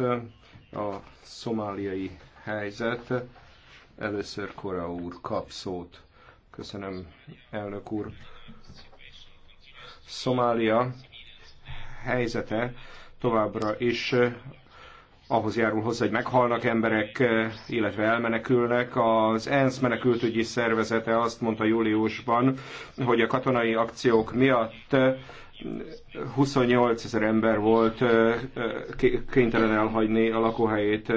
a szomáliai helyzet. Először Kora úr kap szót. Köszönöm, elnök úr. Szomália helyzete továbbra is eh, ahhoz járul hozzá, hogy meghalnak emberek, eh, illetve elmenekülnek. Az ENSZ menekültügyi szervezete azt mondta júliusban, hogy a katonai akciók miatt eh, 28 ezer ember volt kénytelen elhagyni a lakóhelyét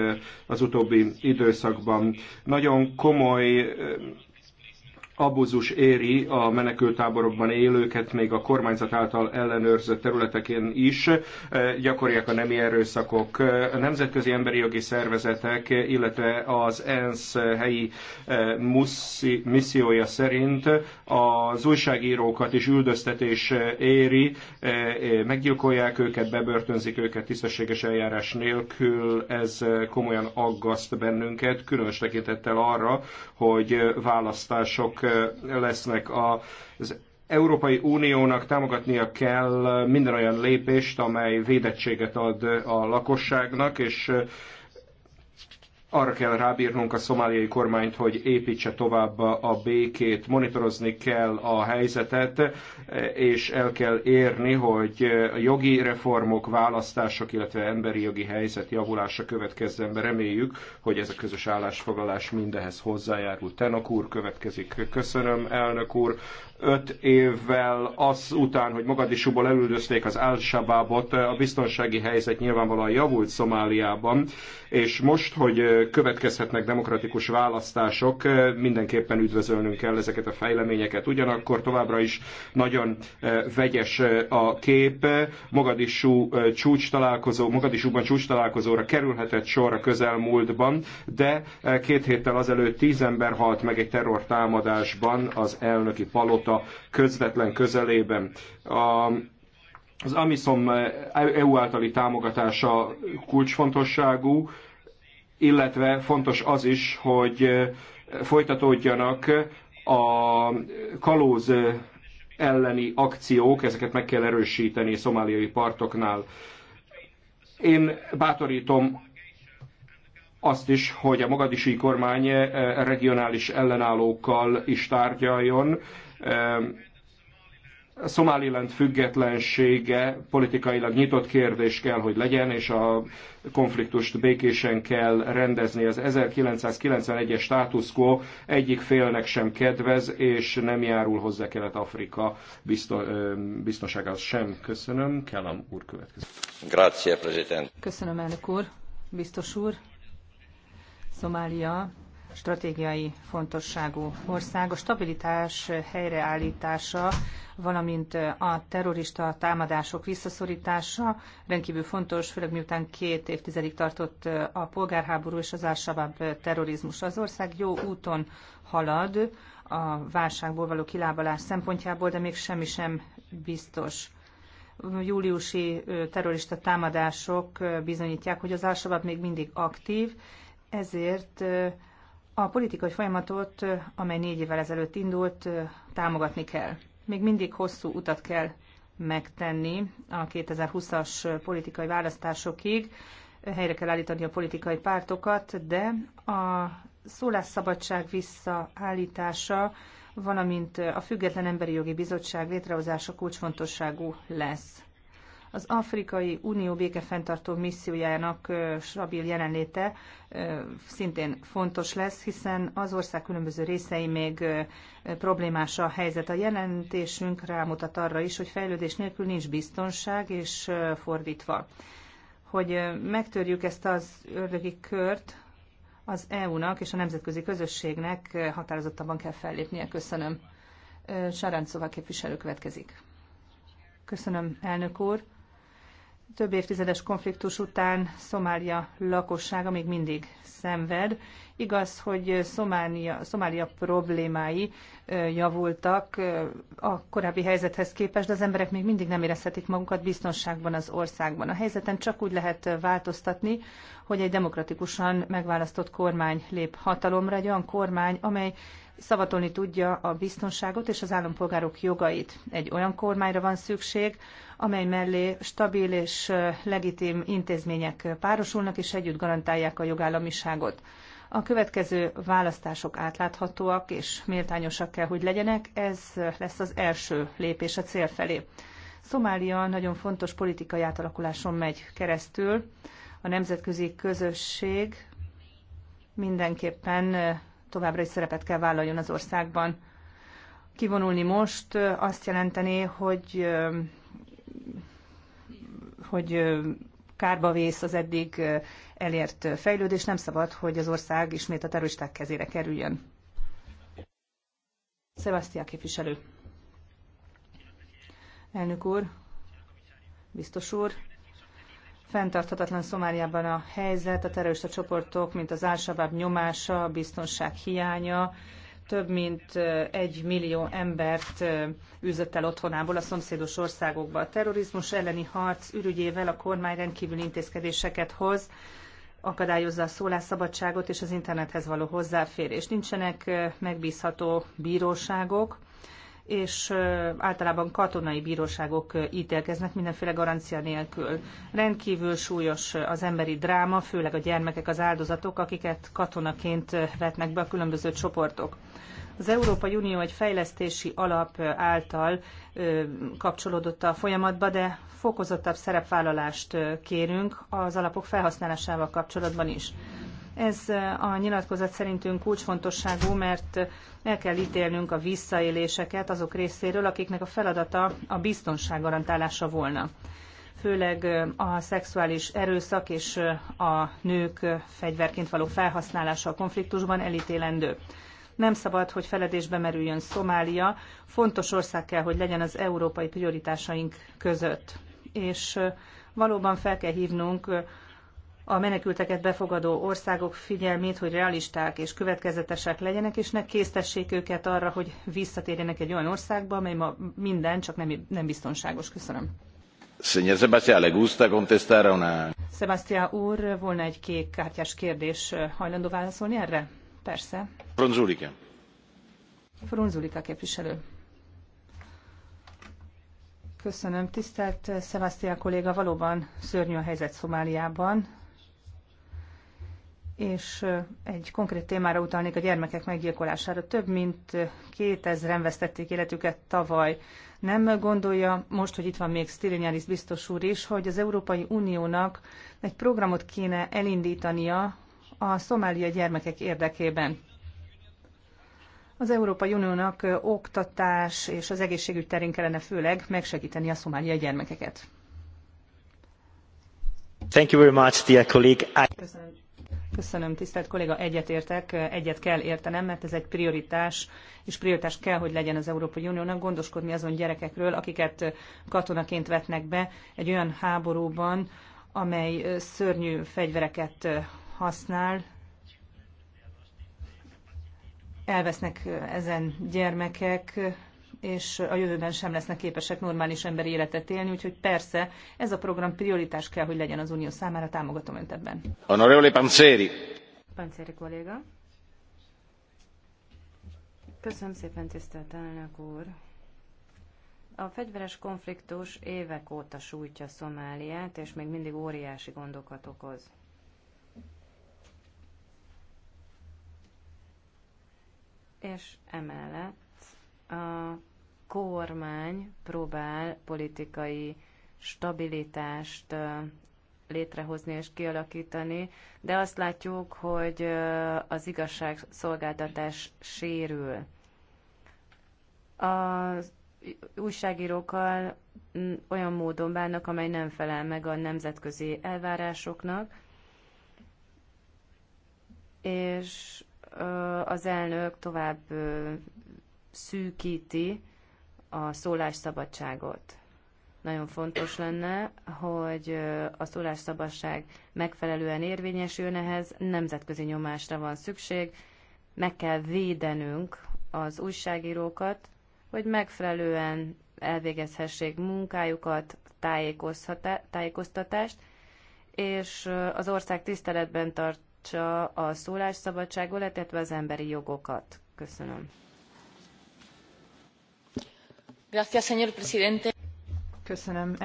az utóbbi időszakban. Nagyon komoly abuzus éri a menekültáborokban élőket, még a kormányzat által ellenőrzött területeken is e, gyakoriak a nemi erőszakok. A e, nemzetközi emberi jogi szervezetek, illetve az ENSZ helyi e, muszi, missziója szerint az újságírókat is üldöztetés éri, meggyilkolják őket, bebörtönzik őket tisztességes eljárás nélkül, ez komolyan aggaszt bennünket, különös tekintettel arra, hogy választások lesznek. Az Európai Uniónak támogatnia kell minden olyan lépést, amely védettséget ad a lakosságnak, és arra kell rábírnunk a szomáliai kormányt, hogy építse tovább a békét, monitorozni kell a helyzetet, és el kell érni, hogy a jogi reformok, választások, illetve emberi jogi helyzet javulása következzen be. Reméljük, hogy ez a közös állásfoglalás mindehez hozzájárul. Tenok úr következik. Köszönöm, elnök úr. Öt évvel az után, hogy Magadisúból elüldözték az al a biztonsági helyzet nyilvánvalóan javult Szomáliában, és most, hogy következhetnek demokratikus választások, mindenképpen üdvözölnünk kell ezeket a fejleményeket. Ugyanakkor továbbra is nagyon eh, vegyes eh, a kép. Mogadisú eh, csúcs találkozó, Mogadisúban csúcs találkozóra kerülhetett sor a közelmúltban, de két héttel azelőtt tíz ember halt meg egy terrortámadásban az elnöki palota közvetlen közelében. A az AMISOM EU általi támogatása kulcsfontosságú, illetve fontos az is, hogy folytatódjanak a kalóz elleni akciók, ezeket meg kell erősíteni szomáliai partoknál. Én bátorítom azt is, hogy a magadisi kormány regionális ellenállókkal is tárgyaljon, Szomáliland függetlensége politikailag nyitott kérdés kell, hogy legyen, és a konfliktust békésen kell rendezni. Az 1991-es status quo egyik félnek sem kedvez, és nem járul hozzá Kelet-Afrika biztonságához sem. Köszönöm. Kellam úr következő. Grazie, president. Köszönöm, elnök úr, biztos úr. Szomália stratégiai fontosságú ország. A stabilitás helyreállítása, valamint a terrorista támadások visszaszorítása rendkívül fontos, főleg miután két évtizedig tartott a polgárháború és az al terrorizmus. Az ország jó úton halad a válságból való kilábalás szempontjából, de még semmi sem biztos júliusi terrorista támadások bizonyítják, hogy az al még mindig aktív, ezért a politikai folyamatot, amely négy évvel ezelőtt indult, támogatni kell. Még mindig hosszú utat kell megtenni a 2020-as politikai választásokig. Helyre kell állítani a politikai pártokat, de a szólásszabadság visszaállítása, valamint a Független Emberi Jogi Bizottság létrehozása kulcsfontosságú lesz. Az Afrikai Unió békefenntartó missziójának stabil jelenléte szintén fontos lesz, hiszen az ország különböző részei még problémás a helyzet. A jelentésünk rámutat arra is, hogy fejlődés nélkül nincs biztonság, és fordítva. Hogy megtörjük ezt az ördögi kört, az EU-nak és a nemzetközi közösségnek határozottabban kell fellépnie. Köszönöm. Szóval képviselő következik. Köszönöm, elnök úr több évtizedes konfliktus után Szomália lakossága még mindig szenved. Igaz, hogy Szomália, Szomália problémái javultak a korábbi helyzethez képest, de az emberek még mindig nem érezhetik magukat biztonságban az országban. A helyzeten csak úgy lehet változtatni, hogy egy demokratikusan megválasztott kormány lép hatalomra, egy olyan kormány, amely szavatolni tudja a biztonságot és az állampolgárok jogait. Egy olyan kormányra van szükség, amely mellé stabil és legitim intézmények párosulnak, és együtt garantálják a jogállamiságot. A következő választások átláthatóak és méltányosak kell, hogy legyenek, ez lesz az első lépés a cél felé. Szomália nagyon fontos politikai átalakuláson megy keresztül. A nemzetközi közösség mindenképpen továbbra is szerepet kell vállaljon az országban. Kivonulni most azt jelenteni, hogy, hogy kárba vész az eddig elért fejlődés, nem szabad, hogy az ország ismét a terroristák kezére kerüljön. Szevasztia képviselő. Elnök úr, biztos úr, fenntarthatatlan Szomáliában a helyzet, a terrorista csoportok, mint az álsabáb nyomása, a biztonság hiánya, több mint egy millió embert üzött el otthonából a szomszédos országokba. A terrorizmus elleni harc ürügyével a kormány rendkívül intézkedéseket hoz, akadályozza a szólásszabadságot és az internethez való hozzáférés. Nincsenek megbízható bíróságok, és általában katonai bíróságok ítélkeznek mindenféle garancia nélkül. Rendkívül súlyos az emberi dráma, főleg a gyermekek az áldozatok, akiket katonaként vetnek be a különböző csoportok. Az Európai Unió egy fejlesztési alap által kapcsolódott a folyamatba, de fokozottabb szerepvállalást kérünk az alapok felhasználásával kapcsolatban is. Ez a nyilatkozat szerintünk kulcsfontosságú, mert el kell ítélnünk a visszaéléseket azok részéről, akiknek a feladata a biztonság garantálása volna. Főleg a szexuális erőszak és a nők fegyverként való felhasználása a konfliktusban elítélendő. Nem szabad, hogy feledésbe merüljön Szomália. Fontos ország kell, hogy legyen az európai prioritásaink között. És valóban fel kell hívnunk a menekülteket befogadó országok figyelmét, hogy realisták és következetesek legyenek, és ne késztessék őket arra, hogy visszatérjenek egy olyan országba, amely ma minden, csak nem, nem biztonságos. Köszönöm. Señor Sebastián, le gusta contestar a una... Sebastián úr, volna egy kék kártyás kérdés. Eh, hajlandó válaszolni erre? Persze. Fronzulika. Fronzulika képviselő. Köszönöm. Tisztelt Sebastián kolléga, valóban szörnyű a helyzet Szomáliában és egy konkrét témára utalnék a gyermekek meggyilkolására. Több mint 2000-en vesztették életüket tavaly. Nem gondolja most, hogy itt van még Stylianides biztos úr is, hogy az Európai Uniónak egy programot kéne elindítania a szomália gyermekek érdekében. Az Európai Uniónak oktatás és az egészségügy terén kellene főleg megsegíteni a szomáliai gyermekeket. Thank you very much, dear colleague. I... Köszönöm. Köszönöm, tisztelt kolléga, egyetértek, egyet kell értenem, mert ez egy prioritás, és prioritás kell, hogy legyen az Európai Uniónak gondoskodni azon gyerekekről, akiket katonaként vetnek be egy olyan háborúban, amely szörnyű fegyvereket használ, elvesznek ezen gyermekek, és a jövőben sem lesznek képesek normális emberi életet élni, úgyhogy persze ez a program prioritás kell, hogy legyen az Unió számára, támogatom önt ebben. Honorable Panceri. Panceri kolléga. Köszönöm szépen, tisztelt elnök úr. A fegyveres konfliktus évek óta sújtja Szomáliát, és még mindig óriási gondokat okoz. És emellett a kormány próbál politikai stabilitást létrehozni és kialakítani, de azt látjuk, hogy az igazságszolgáltatás sérül. Az újságírókkal olyan módon bánnak, amely nem felel meg a nemzetközi elvárásoknak, és az elnök tovább szűkíti a szólásszabadságot. Nagyon fontos lenne, hogy a szólásszabadság megfelelően érvényesül ehhez, nemzetközi nyomásra van szükség, meg kell védenünk az újságírókat, hogy megfelelően elvégezhessék munkájukat, tájékoztatást, és az ország tiszteletben tartsa a szólásszabadságot, illetve az emberi jogokat. Köszönöm. Köszönöm,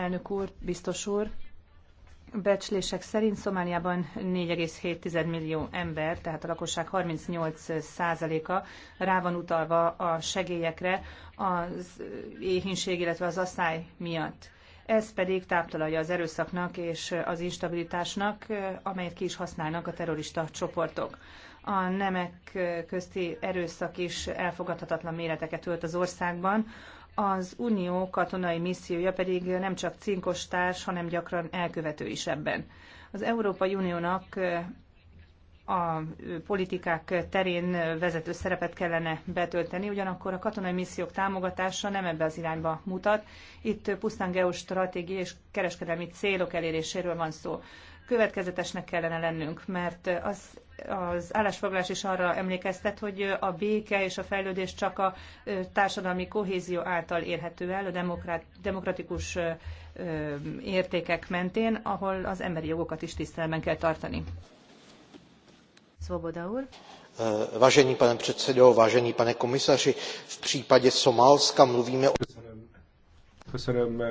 Becslések szerint Szomáliában 4,7 millió ember, tehát a lakosság 38%-a rá van utalva a segélyekre az éhínség, illetve az asszály miatt. Ez pedig táptalaja az erőszaknak és az instabilitásnak, amelyet ki is használnak a terrorista csoportok. A nemek közti erőszak is elfogadhatatlan méreteket ölt az országban az unió katonai missziója pedig nem csak cinkos társ, hanem gyakran elkövető is ebben. Az Európai Uniónak a politikák terén vezető szerepet kellene betölteni, ugyanakkor a katonai missziók támogatása nem ebbe az irányba mutat. Itt pusztán geostratégiai és kereskedelmi célok eléréséről van szó. Következetesnek kellene lennünk, mert az, az állásfoglalás is arra emlékeztet, hogy a béke és a fejlődés csak a társadalmi kohézió által érhető el, a demokratikus értékek mentén, ahol az emberi jogokat is tiszteletben kell tartani. Eh, vážený pane předsedo, vážený pane komisaři, v případě Somálska mluvíme o... Köszönöm, eh,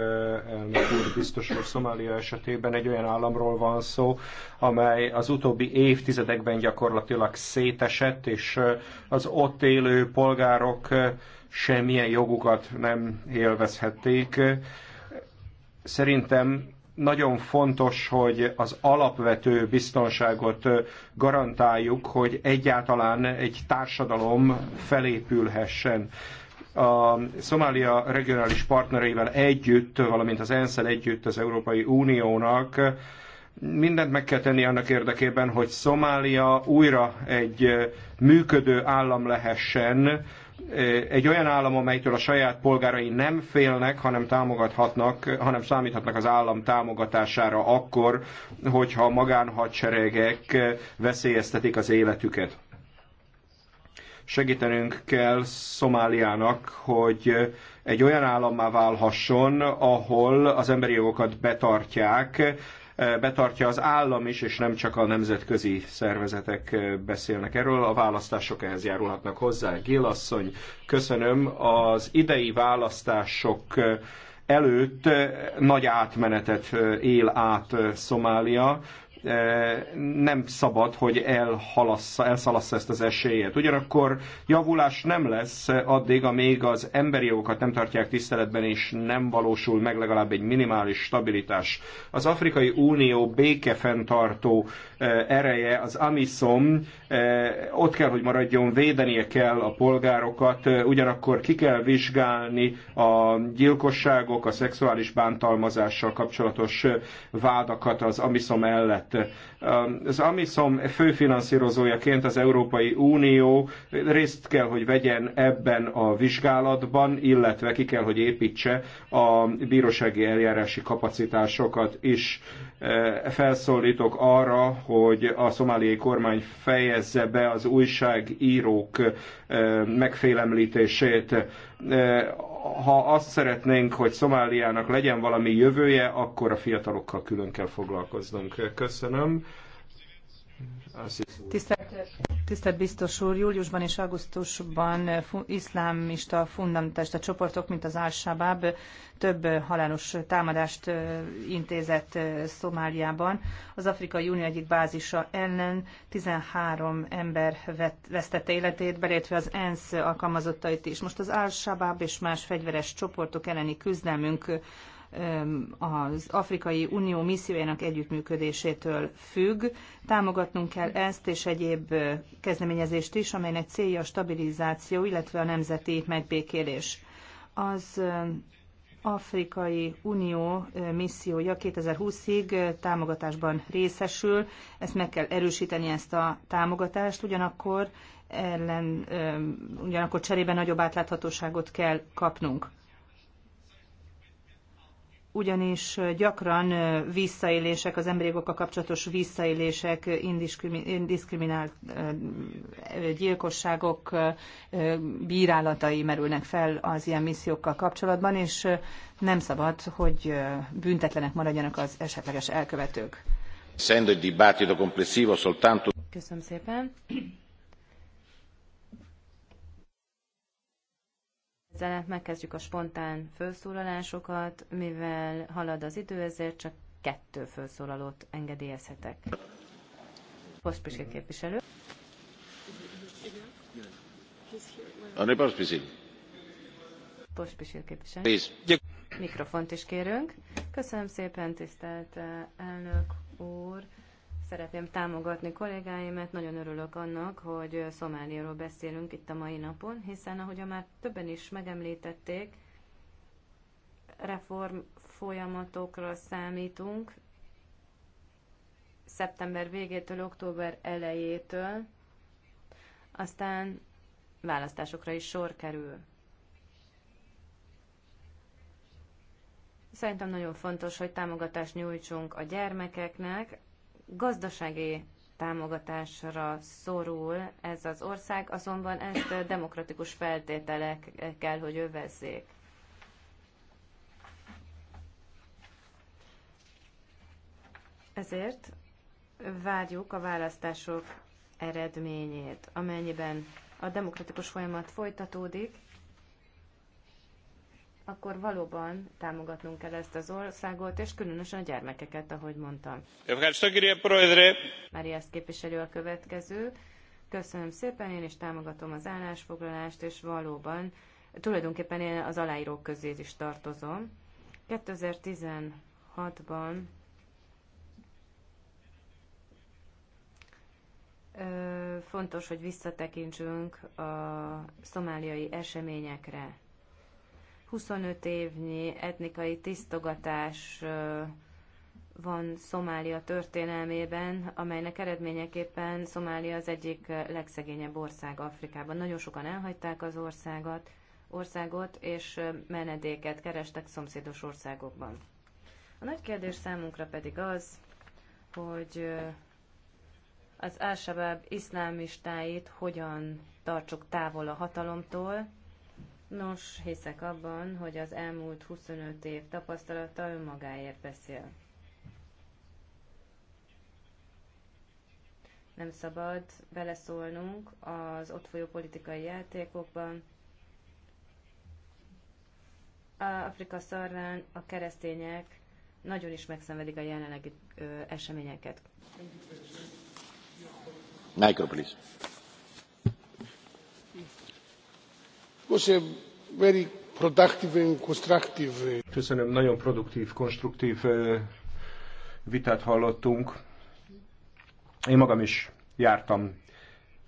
elnök úr, biztos úr, Szomália esetében egy olyan államról van szó, amely az utóbbi évtizedekben gyakorlatilag szétesett, és eh, az ott élő polgárok semmilyen jogukat nem élvezhették. Szerintem nagyon fontos, hogy az alapvető biztonságot garantáljuk, hogy egyáltalán egy társadalom felépülhessen. A Szomália regionális partnereivel együtt, valamint az ensz együtt az Európai Uniónak mindent meg kell tenni annak érdekében, hogy Szomália újra egy működő állam lehessen, egy olyan állam, amelytől a saját polgárai nem félnek, hanem támogathatnak, hanem számíthatnak az állam támogatására akkor, hogyha magánhadseregek veszélyeztetik az életüket. Segítenünk kell Szomáliának, hogy egy olyan állammá válhasson, ahol az emberi jogokat betartják, betartja az állam is, és nem csak a nemzetközi szervezetek beszélnek erről. A választások ehhez járulhatnak hozzá. Gilasszony, köszönöm. Az idei választások előtt nagy átmenetet él át Szomália E, nem szabad, hogy elhalassza, elszalassza ezt az esélyet. Ugyanakkor javulás nem lesz addig, amíg az emberi jogokat nem tartják tiszteletben, és nem valósul meg legalább egy minimális stabilitás. Az Afrikai Unió békefenntartó e, ereje, az AMISOM, e, ott kell, hogy maradjon, védenie kell a polgárokat, ugyanakkor ki kell vizsgálni a gyilkosságok, a szexuális bántalmazással kapcsolatos vádakat az AMISOM ellen lett. Az Amisom főfinanszírozójaként az Európai Unió részt kell, hogy vegyen ebben a vizsgálatban, illetve ki kell, hogy építse a bírósági eljárási kapacitásokat is. Felszólítok arra, hogy a szomáliai kormány fejezze be az újságírók megfélemlítését ha azt szeretnénk, hogy Szomáliának legyen valami jövője, akkor a fiatalokkal külön kell foglalkoznunk. Köszönöm. Tisztelt Tisztelt biztos úr, júliusban és augusztusban iszlámista fundamentalista csoportok, mint az Al-Shabaab több halálos támadást intézett Szomáliában. Az Afrikai Unió egyik bázisa ellen 13 ember vesztette életét, belétve az ENSZ alkalmazottait is. Most az Al-Shabaab és más fegyveres csoportok elleni küzdelmünk az Afrikai Unió missziójának együttműködésétől függ. Támogatnunk kell ezt és egyéb kezdeményezést is, amelynek célja a stabilizáció, illetve a nemzeti megbékélés. Az Afrikai Unió missziója 2020-ig támogatásban részesül, ezt meg kell erősíteni ezt a támogatást, ugyanakkor ellen, ugyanakkor cserében nagyobb átláthatóságot kell kapnunk ugyanis gyakran visszaélések, az emberi jogokkal kapcsolatos visszaélések, indiskriminált gyilkosságok bírálatai merülnek fel az ilyen missziókkal kapcsolatban, és nem szabad, hogy büntetlenek maradjanak az esetleges elkövetők. Köszönöm szépen. ezzel megkezdjük a spontán felszólalásokat, mivel halad az idő, ezért csak kettő felszólalót engedélyezhetek. Pospiske képviselő. Honorable Pospisil. Pospisil képviselő. Mikrofont is kérünk. Köszönöm szépen, tisztelt eh, elnök Szeretném támogatni kollégáimat, nagyon örülök annak, hogy Szomáliáról beszélünk itt a mai napon, hiszen ahogy már többen is megemlítették, reform folyamatokra számítunk szeptember végétől, október elejétől, aztán választásokra is sor kerül. Szerintem nagyon fontos, hogy támogatást nyújtsunk a gyermekeknek, Gazdasági támogatásra szorul ez az ország, azonban ezt demokratikus feltételek kell, hogy övezzék. Ezért várjuk a választások eredményét, amennyiben a demokratikus folyamat folytatódik, akkor valóban támogatnunk kell ezt az országot, és különösen a gyermekeket, ahogy mondtam. Mária ezt képviselő a következő. Köszönöm szépen, én is támogatom az állásfoglalást, és valóban tulajdonképpen én az aláírók közé is tartozom. 2016-ban fontos, hogy visszatekintsünk a szomáliai eseményekre. 25 évnyi etnikai tisztogatás van Szomália történelmében, amelynek eredményeképpen Szomália az egyik legszegényebb ország Afrikában. Nagyon sokan elhagyták az országot, országot és menedéket kerestek szomszédos országokban. A nagy kérdés számunkra pedig az, hogy az Al-Shabaab iszlámistáit hogyan tartsuk távol a hatalomtól, Nos, hiszek abban, hogy az elmúlt 25 év tapasztalata önmagáért beszél. Nem szabad beleszólnunk az ott folyó politikai játékokban. A Afrika szarván a keresztények nagyon is megszenvedik a jelenlegi ö, eseményeket. Micro, please. Uh, Köszönöm, nagyon produktív, konstruktív uh, vitát hallottunk. Én magam is jártam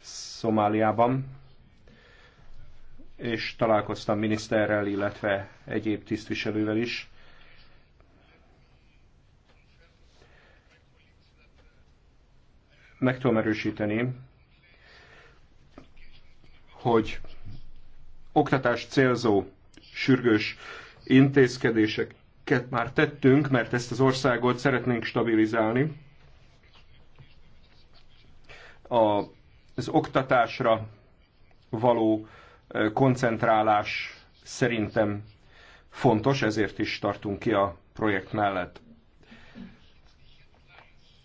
Szomáliában, és találkoztam miniszterrel, illetve egyéb tisztviselővel is. Meg tudom erősíteni, hogy oktatás célzó sürgős intézkedéseket már tettünk, mert ezt az országot szeretnénk stabilizálni. A, az oktatásra való koncentrálás szerintem fontos, ezért is tartunk ki a projekt mellett.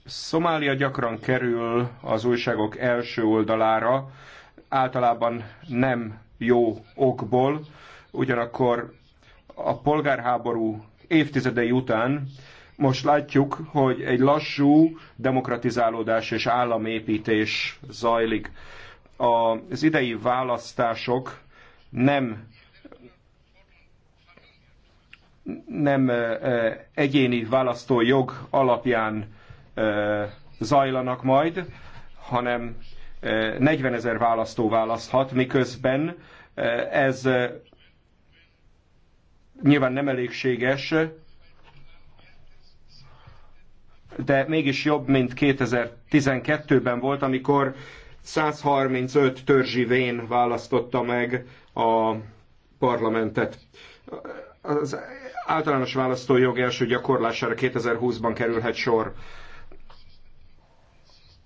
Szomália gyakran kerül az újságok első oldalára, általában nem jó okból, ugyanakkor a polgárháború évtizedei után most látjuk, hogy egy lassú demokratizálódás és államépítés zajlik. Az idei választások nem nem egyéni választójog alapján zajlanak majd, hanem 40 ezer választó választhat, miközben eh, ez eh, nyilván nem elégséges, de mégis jobb, mint 2012-ben volt, amikor 135 törzsi vén választotta meg a parlamentet. Az általános választójog első gyakorlására 2020-ban kerülhet sor.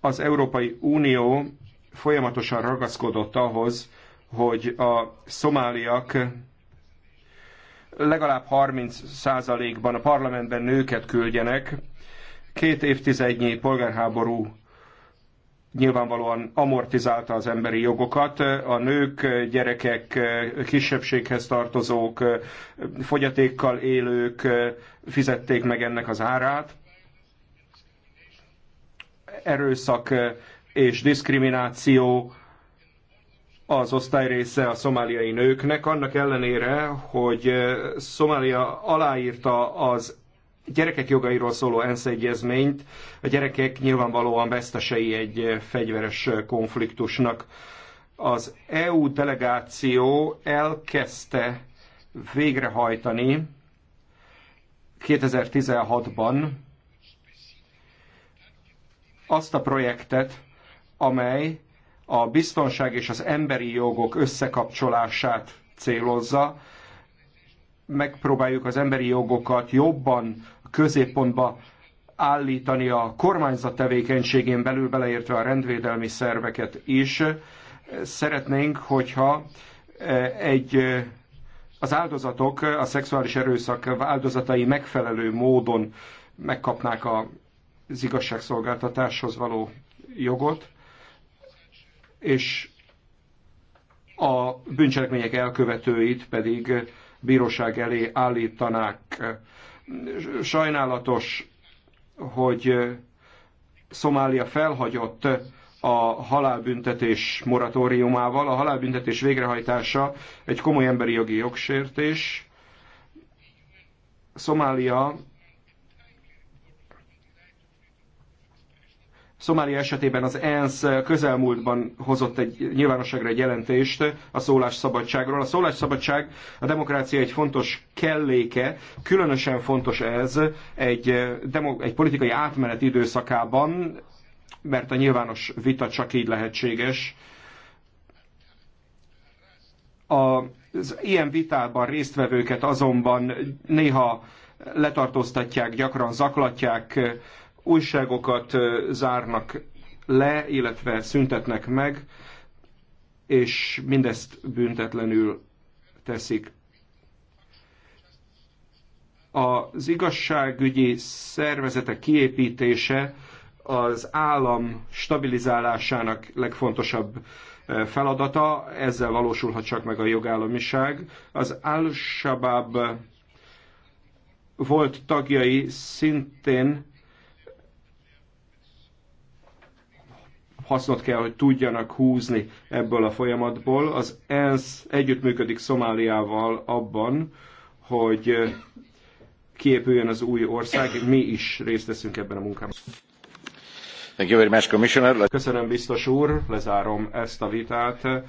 Az Európai Unió folyamatosan ragaszkodott ahhoz, hogy a szomáliak legalább 30%-ban a parlamentben nőket küldjenek. Két évtizednyi polgárháború nyilvánvalóan amortizálta az emberi jogokat. A nők, gyerekek, kisebbséghez tartozók, fogyatékkal élők fizették meg ennek az árát. Erőszak és diszkrimináció az osztály része a szomáliai nőknek, annak ellenére, hogy Szomália aláírta az gyerekek jogairól szóló ENSZ egyezményt, a gyerekek nyilvánvalóan vesztesei egy fegyveres konfliktusnak. Az EU delegáció elkezdte végrehajtani 2016-ban azt a projektet, amely a biztonság és az emberi jogok összekapcsolását célozza. Megpróbáljuk az emberi jogokat jobban középpontba állítani a kormányzat tevékenységén belül, beleértve a rendvédelmi szerveket is. Szeretnénk, hogyha e, egy e, az áldozatok, a szexuális erőszak áldozatai megfelelő módon megkapnák az igazságszolgáltatáshoz való jogot és a bűncselekmények elkövetőit pedig bíróság elé állítanák. Sajnálatos, hogy Szomália felhagyott a halálbüntetés moratóriumával. A halálbüntetés végrehajtása egy komoly emberi jogi jogsértés. Szomália Szomália esetében az ENSZ közelmúltban hozott egy nyilvánosságra egy jelentést a szólásszabadságról. A szólásszabadság a demokrácia egy fontos kelléke, különösen fontos ez egy, demo, egy politikai átmenet időszakában, mert a nyilvános vita csak így lehetséges. A, az ilyen vitában résztvevőket azonban néha letartóztatják, gyakran zaklatják, újságokat zárnak le, illetve szüntetnek meg, és mindezt büntetlenül teszik. Az igazságügyi szervezetek kiépítése az állam stabilizálásának legfontosabb feladata, ezzel valósulhat csak meg a jogállamiság. Az al volt tagjai szintén hasznot kell, hogy tudjanak húzni ebből a folyamatból. Az ENSZ együttműködik Szomáliával abban, hogy kiépüljön az új ország, mi is részt veszünk ebben a munkában. Thank you very much, Commissioner. Köszönöm, biztos úr, lezárom ezt a vitát.